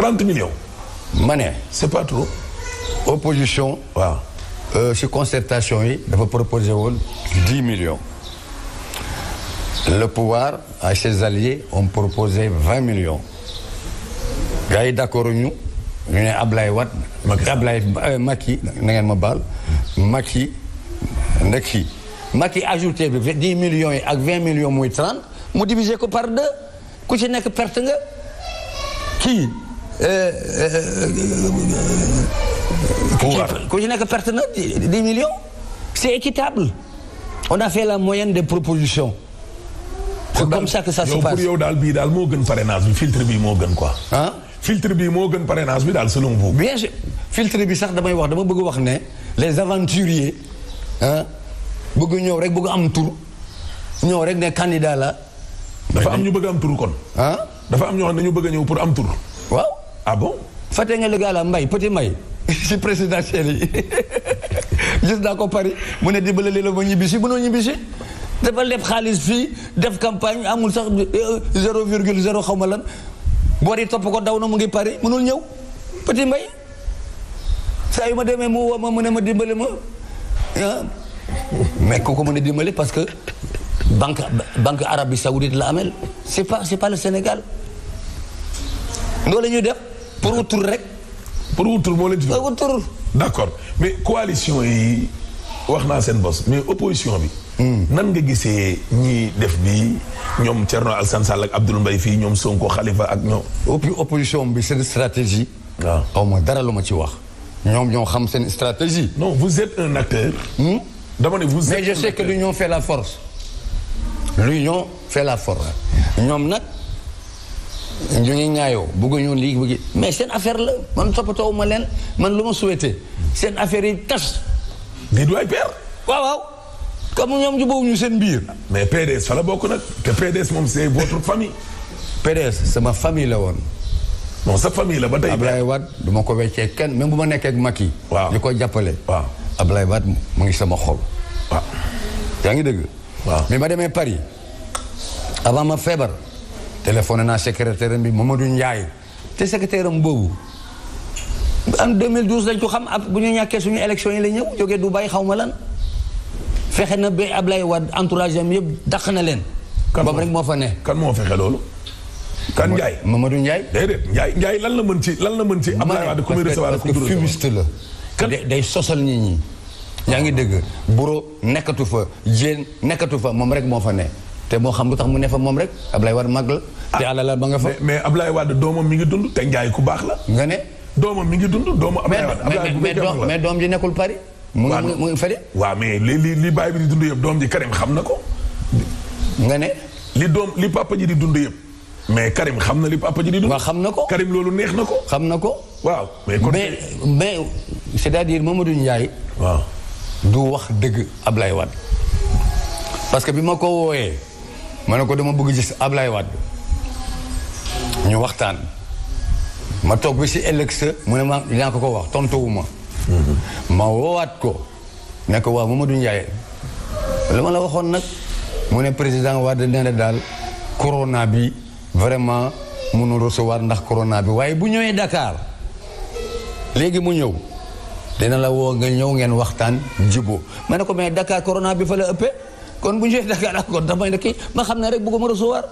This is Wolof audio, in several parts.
30 millions. ma ne. c' est pas trop. opposition. waaw si euh, concertation yi dafa proposé woon 10 millions. le pouvoir à ses alliés ont proposé 20 millions. gars yi d' accord ñu ñu ne Ablaye Wade. Macky Ablaye euh, Macky na ngeen ma baal. Macky nekk fii. Macky ajouté bi 10 millions yi ak 20 millions muy 30 mu divisé ko par deux ku ci nekk perte nga kii. ku ci nekk perte na dix millions c'est équitable on a fait la moyenne des propositions c'est comme ça que ça se passe pour yow daal bii daal moo gën parrainage bi filtre bi moo gën quoi ah filtre bi moo gën parrainage bi daal selon vous bien sûr filtre bi sax damay wax dama bëgg wax ne les aventuriers ah bëgg ñëw rek bëgg am tur ñëw rek ne candidat la dafa am ñu bëgg am tur kon ah dafa am ñoo xam ne dañu bëgg ñëw pour am tur ah bon fàtte nga le gars mbay Mbaye Petit Mbaye si présidentielle yi gis naa ko Paris mu ne dimbale lii la ma ñibbisi mënoo ñibbisi dafa leb xaalis fii def campagne amul sax euh, euh, zéro virgule zéro xaw ma lan boor yi topp ko daw na mu ngi Paris mënul ñëw Petit Mbaye saa yu ma demee mu woo ma mu ne ma dimbale ma ah. mais ko mën a dimbale parce que banque banque arabie saoudite la amel c'est pas c'est pas le Sénégal loolu la def pour wutur rek. pour wutur moo leen ci. pour wutur. d' accord mais coalition yi wax naa seen bos mais opposition bi. Hmm. nan nga gisee ñi def bi ñoom Thierno Alassane Sall ak Abdoul Mbaye fii ñoom Sonko Khalifa ak ñoom. opposition bi seen stratégie. waaw ah. xaw ma dara lu ma ci wax. ñoom ñoo xam seen stratégie. non vous êtes un acteur. Hmm? dama ne vous êtes mais je sais que la force. l'union fait la force. ñoom ñu ngi ñaayoo bëgguñu lii bëgg mais seen affaire la man toppatoo ma leen man lu ma souhaité seen affaire yi tas. lii du ay père. waaw waaw comme ñoom jubóowuñu seen biir. mais PDS fa bokk nag te PDS moom c'est votre famille. PDS sama famille la woon. non sa famille ba tey. Ablaye du ma ko weccee kenn même bu ma nekkee ak yi waaw di ko jàppale. waaw Ablaye mu ngi sama xol. waaw. yaa ngi dëgg. mais ma demee Paris avant ma feebar. téléphone naa secrétaire am bi Mamadou Ndiaye te secrétaire am boobu en 2012 lañ ko xam ab bu ñu ñàkkee suñu élection yi la ñëw jógee Dubaï xaw ma lan fexe na ba ab lay entourage am yëpp dàq na leen. kan rek moo fa ne. kan moo fexe loolu. kan Ndiaye Mamadou Ndiaye. déedéet Ndiaye Ndiaye lan la mën ci lan la mën ci. Ablaye Wade ku muy recevoir ku muy fumiste la. kan day sosal nit ñi. yaa ngi dégg buro nekkatu fa jéen nekkatu moom rek moo fa ne. te moo xam lu tax mu ne fa moom rek Ablaye Wade mag la. te alala ah, ba nga fa. mais mais Ablaye doomam mi ngi dund te Ndiaye ku baax la. nga ne. doomam mi ngi dund doomu Ablaye Wade. Ablaye mais doom mais doom ji nekkul Paris. mu ngi mu ngi fële. waaw mais li li li baay dund yëpp doom ji Karim xam na ko. nga ne. li doom li papa ji di dund yëpp. mais Karim xam na li papa ji di dund. waaw xam na ko Karim loolu neex na ko. xam na ko. waaw mais kon mais mais c'est-à-dire Mamadou Ndiaye. waaw du wax dëgg Ablaye Wade. parce que bi ma ko wooyee. ma ko dama bëgg gis Ablaye Wade ñu waxtaan ma toog bi si ëllëg mu ne ma dinaa ko ko wax tontuwuma mhm. ma woowaat ko ne ko waaw Mamadou Ndiaye lu ma la waxoon nag mu ne président Wade nee na daal corona bi vraiment mënul recevoir ndax corona bi waaye bu ñëwee Dakar léegi mu ñëw dina la woo nga ñëw ngeen waxtaan jibo ma ne ko mais Dakar corona bi fa la ëppee kon bu ñu Dakar accord damay may kii ma xam ne rek bëgguma recevoir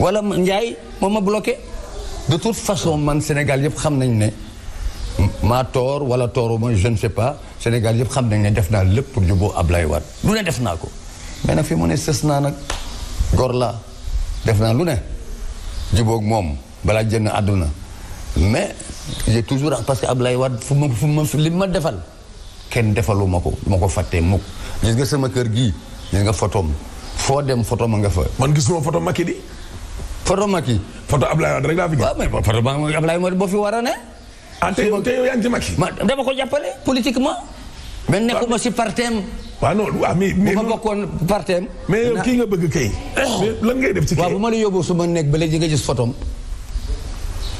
wala Ndiaye moom ma bloqué de toute façon man Sénégal yëpp xam nañ ne maa toor wala tooru ma je ne sais pas Sénégal yëpp xam nañ ne def naa lépp pour juboo Ablaye Wade lu ne def naa ko mais nag fi mu ne ses naa nag gor la def naa lu ne jubóog moom balaa jënd àdduna mais j'ai toujours parce que ab lay fu ma fu ma li ma defal kenn defalu ma ko ma ko fàttee mukk gis nga sama kër gii gis nga photom foo dem photo ma nga fa. man gisuma photo Macky di. photo Macky. photo Ablaye Wade rek laa fi gis. waaw mais photo Ablaye Wade boo fi war a ne. ah te yow ko jàppale politiquement. mais nekkuma si partem. waaw non waaw mais bu mais kii nga bëgg kay. mais def ci kay. bu ma la yóbbu su ma nekk ba léegi nga gis photom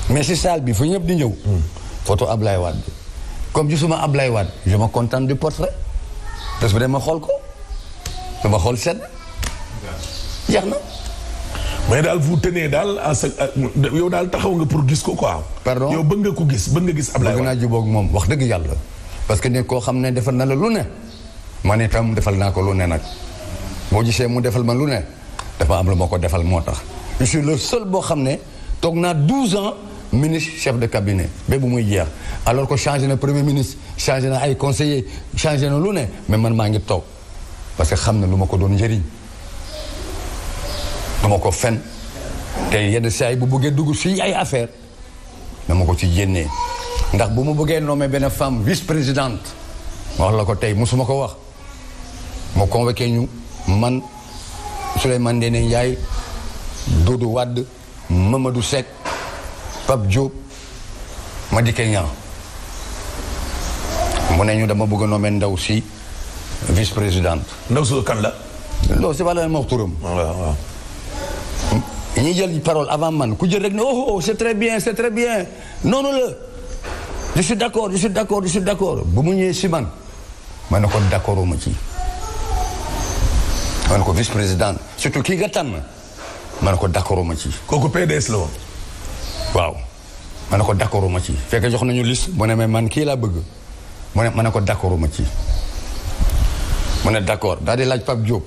mais si salle bi fu ñëpp di ñëw. Hmm. photo Ablaye Wade. comme gisuma Ablaye Wade je ma contente du portrait bés bu dee ma xool ko dama xool sedd jeex na. mais daal vous tenez daal en sa euh, yow daal taxaw nga pour gis ko quoi. pardon yow bëgg nga ko gis gis Ablaye Wade. bëgg naa wax dëgg yàlla. parce que ne koo xam ne defal na la lu ne man itam defal naa ko lu ne nag boo gisee mu defal ma lu ne dafa am lu ma ko defal moo tax. je suis le seul boo xam ne toog naa 12 ans. ministre chef de cabinet ba bu muy jeex alors ko changé na premier ministre changé na ay conseiller changé na lu ne mais man maa ngi toog parce que xam na lu ma ko doon njëriñ du ma ko fen te yenn saa yi bu bëggee dugg si ay affaire dama ko ci génnee ndax bu mu bëggee nommé benn femme vice présidente ma wax la ko tey musuma ko wax mu convoqué ñu man Souleymane Ndéné Ndiaye Doudou Wade Mamadou Seck Pape Diop Madické Niang mu ne ñu dama bëgg a ndaw si vice présidente. ndaw si kan la. non c'est pas la même wax turam. Ah, ñi jël parole avant man ku jël rek ne oh, oh, oh, c'est très bien c'est très bien noonu la je suis d'accord je suis d'accord je suis d'accord bu mu ñëwee si man ma ne ko d'accord ma ci. ma ne ko vice présidente surtout kii nga tànn ma ne ko d'accord ma ci. kooku PDS la woon. waaw ma ne ko d'accord ma ci fekk jox nañu liste mu ne mais man kii laa bëgg mu ne ma ne ko d'accord ma ci mu ne d'accord daal di laaj Pape Diop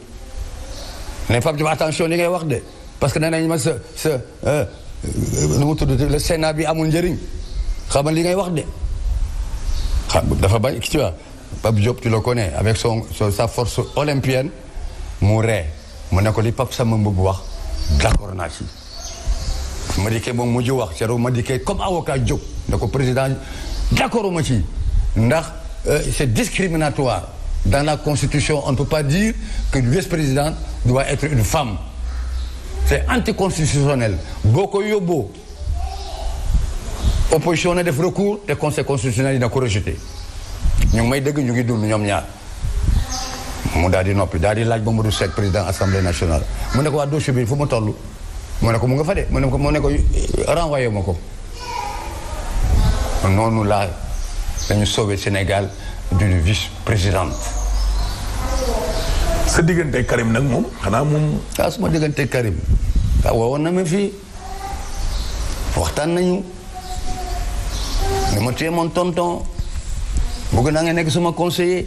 ne Pape Diop attention li ngay wax de parce que nee nañ ma sa sa euh, euh, nu mu tudd le Sénat bi amul njëriñ xam li ngay wax de xam dafa bañ tu vois Pape Diop tu ko ne avec son sa force olympienne mu ree mu ne ko li Pape sama mbëgg wax d'accord naa ci ma Madické moom mujj wax Thierno Madické comme avocat jóg da ko président d'accord ma ci ndax euh, c'est discriminatoire dans la constitution on ne peut pas dire que vice-présidente doit être une femme c'est anticonstitutionnel boo ko yóbboo opposition na def recours te conseil constitutionnel dina ko rejeté ñu ngi may dëgg ñu ngi dund ñoom ñaar mu daal di noppi daal di laaj Mamadou Seck président assemblée nationale mu ne ko waa dossier bi fu ma toll mu ne ko mu nga fa de mu ne ko mu ne ko ma ko noonu laa dañu sauvé Sénégal d'une vice-présidente. sa diggante Karim nag moom xanaa moom. ah su ma diggante Karim ah woowoon na ma fii waxtaan nañu ni ma téye mon tonton bëgg naa nga nekk suma conseiller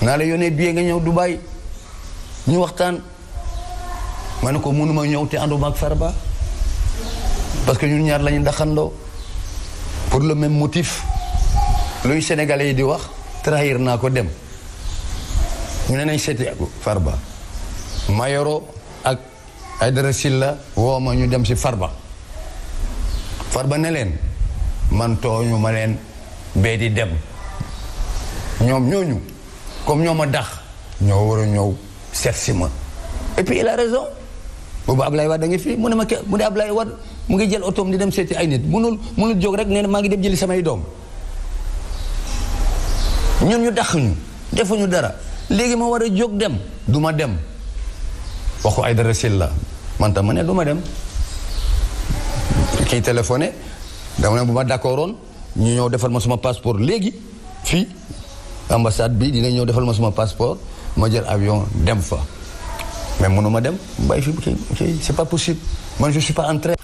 naa la yónnee billet nga ñëw Dubaï ñu waxtaan. ma ne ko mënuma ñëw te ànduma ak Farba parce que ñu ñaar lañu ndaxandoo pour le même motif luy sénégalais yi di wax trahir naa ko dem ñu ne nañ seeti ak Farba Mayoro ak Aydara Silla woo ma ñu dem ci Farba Farba ne leen man tooñu ma leen bee di dem ñoom ñooñu comme ñoo ma dax ñoo war a ñëw seet si ma et puis il raison boobu Ablaye Wade da nga fii mu ne ma ke mu ne Ablaye Wade mu ngi jël otoom di dem ay nit munul munul jóg rek nee na maa ngi dem samay doom ñun ñu dàq dara léegi ma war a jóg dem du ma dem waxu ay dara la man ma ne du ma dem kii téléphoné dama bu ma d'accordoon ñu ñëw defal ma suma passeport léegi fii ambassade bi dina ñëw defal ma suma passeport ma jël avion dem fa mais mënuma dem bàyyi fi kii c'est pas possible man je suis pas entré